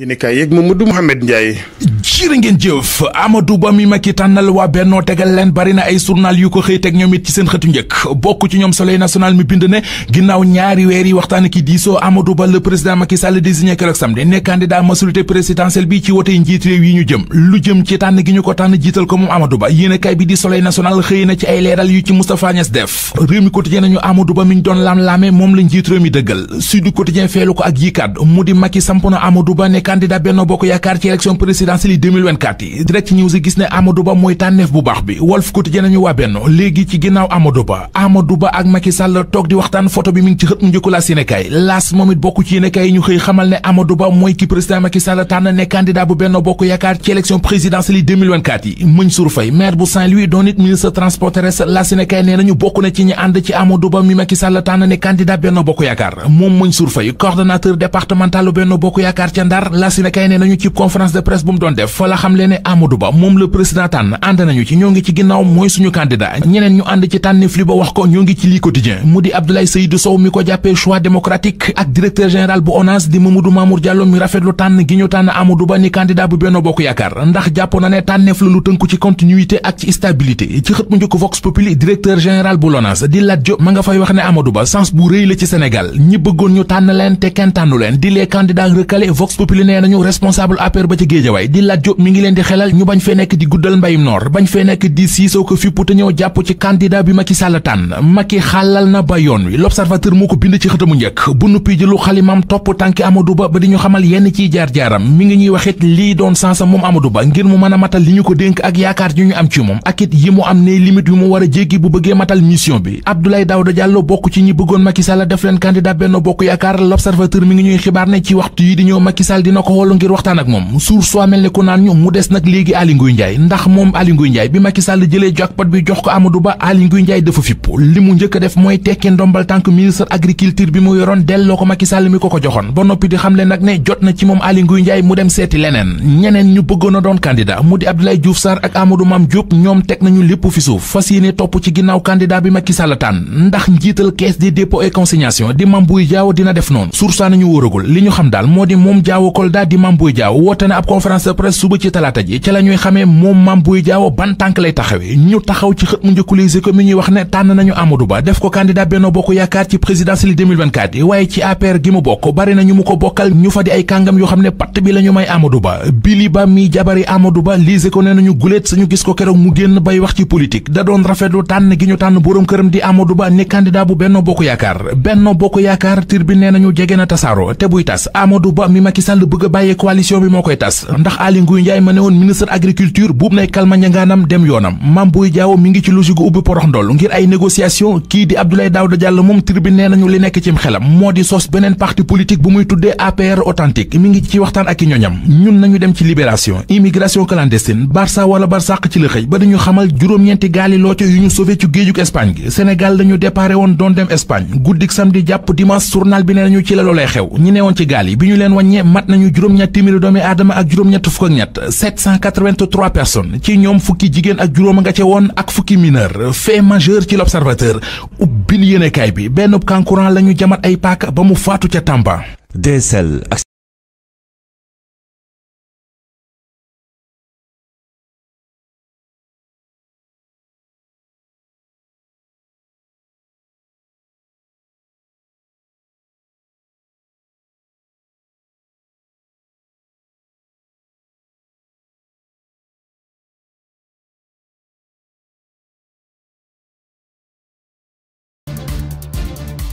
yéen kaay yeeg Mamadou Mouhamed Ndiaye. jërë ngeen jëf Amadou Ba mi Macky tànnal waa Bennoo tegal leen bari ay journal yu ko xëy teg ñoom it ci seen xëtu njëkk bokk ci ñoom Soleil national mi bind ne ginnaaw ñaari weer yi waxtaan ki diisoo Amadou Ba le président Macky Sall désigné keroog samedi ne candidat majorité présidentielle bi ci wote yi njiit réew yi ñu jëm lu jëm ci tànn gi ñu ko tànn jiital ko moom Amadou Ba yéen kaay bi di Soleil national xëy na ci ay moom la njiit réew mi dëggal Sud Quotidien feelu nekk candidat Benno Bokk Yaakaar ci élection présidentielle yi 2024 yi direct news gis ne Amadou Ba mooy tànneef bu baax bi Walf Quotidien nañu waa Benno léegi ci ginnaaw Amadou Ba Amadou Ba ak Macky Sall toog di waxtaan photo bi mi ngi ci xët mu njëkku laa yéenekaay laas moom it bokk ci yéenekaay yi ñu xëy xamal ne Amadou Ba mooy ki président Macky Sall tànn ne candidat bu Benno Bokk Yaakaar ci élection présidentielle yi 2024 yi Mansour Faye maire bu saint na Dakar la si ne kay ne nañu ci conférence de presse bu mu doon def fa la xam leen ne Amadou Ba moom la président tànn ànd nañu ci ñoo ngi ci ginnaaw mooy suñu candidat ñeneen ñu ànd ci tànneef li ba wax ko ñoo ngi ci lii quotidien mu di Abdoulaye Seydou Sow mi ko jàppee choix démocratique ak directeur général bu ONAS di Mamadou Mamour Diallo mi rafetlu tànn gi ñu tànn Amadou Ba ni candidat bu Benno Bokk Yaakaar ndax jàpp na ne tànneef la lu tënku ci continuité ak ñu tànn leen te kenn tànnu leen di li nee nañu responsable APR ba ca Géejawaay di Lat Diop ngi leen di xelal ñu bañ fee nekk di guddal mbayum noor bañ fee nekk di siisoo ko fippu te ñëw jàpp ci candidat bi Macky Sall tànn Macky xàllal na ba yoon wi l'observateur moo ko bind ci xëtamu njëkk bu nuppi ji lu xalimam topp tànki Amadou Ba ba di ñu xamal yenn ciy jaar-jaaram mi ngi ñuy waxit lii doon sansa moom Amadou Ba ngir mu mën a matal li ñu ko dénk ak yaakaar yu ñu am ci moom ak yi mu dina ko wolu ngir waxtaan ak moom suur soo mel ni ku naan ñu mu des nag léegi Aly Ngouille ndax moom Aly Ngouille bi Macky Sall jëlee jackpot bi jox ko Amadou Ba Aly Ngouille dafa fipp li mu njëkk a def mooy tekki ndombal tànk ministre agriculture bi mu yoroon delloo ko Macky Sall mi ko ko joxoon ba noppi di xamle nag ne jot na ci moom Aly Ngouille Ndiaye mu dem seeti leneen ñeneen ñu bëggoon doon candidat mu di Abdoulaye Diouf Sarr ak Amadou Mame Diop ñoom teg nañu lépp fi suuf fas yéene ci ginnaaw candidat bi Macky Sall tànn ndax njiital caisse des dépôts et consignation di Mame Boye Diao dina def noonu source nañu wóoragul li ñu Kolda di Mame Boye Diao woote na ab conférence de presse suba ci talaata ji ci la ñuy xamee moom Mame Boye Diao ban tànk lay taxawee ñu taxaw ci xët mu njëkku Les waaye ci APR gi mu bokk bari na ñu mu ko bokkal ñu fa di ay kàngam yoo xam ne patt bi la may Amadou Ba Bili Ba mi jabari Amadou Ba Les Échos ne nañu guléet sañu gis ko keroog mu génn bay wax ci politique da doon rafetlu tànn gi ñu tànn boroom këram di Amadou Ba ni candidat bu Benno Bokk Yaakaar Benno Bokk Yaakaar tir bi nañu jege na tasaaro te buy tas Amadou Ba mi Macky Sall bëgg a bàyyee coalition bi moo koy tas ndax Aly Ngouille Ndiaye ma ne woon ministre agriculture buub nay kalmaña ngaanam dem yoonam Mame Boye Diao mi ngi ci logique gu ubbi porox ndoll ngir ay négociation kii di Abdoulaye Daouda Diallo moom tribune nee nañu li nekk cim xelam moo di sos beneen parti politique bu muy tuddee APR authentique mi ngi ci waxtaan ak i ñoñam ñun nañu dem ci libération immigration clandestine Barça wala Barsàq ci la xëy ba dañu xamal juróom-ñeenti gaali looco yu ñu sauvé ci géejug Espagne gi Sénégal dañu déparé woon doon dem Espagne guddik samedi jàpp dimanche journal bi nee nañu ci la loolee xew ñi neewoon nañu juróom-ñett téeméeri doomi aadama ak juróom-ñett fukk ak ñett 783 personnes ci ñoom fukki jigéen ak juróom nga ca woon ak fukki mineur fait majeur ci l'observateur ubbil yéenekaay bi benn kankurang la ñu ay paaka ba mu faatu ca Tamba.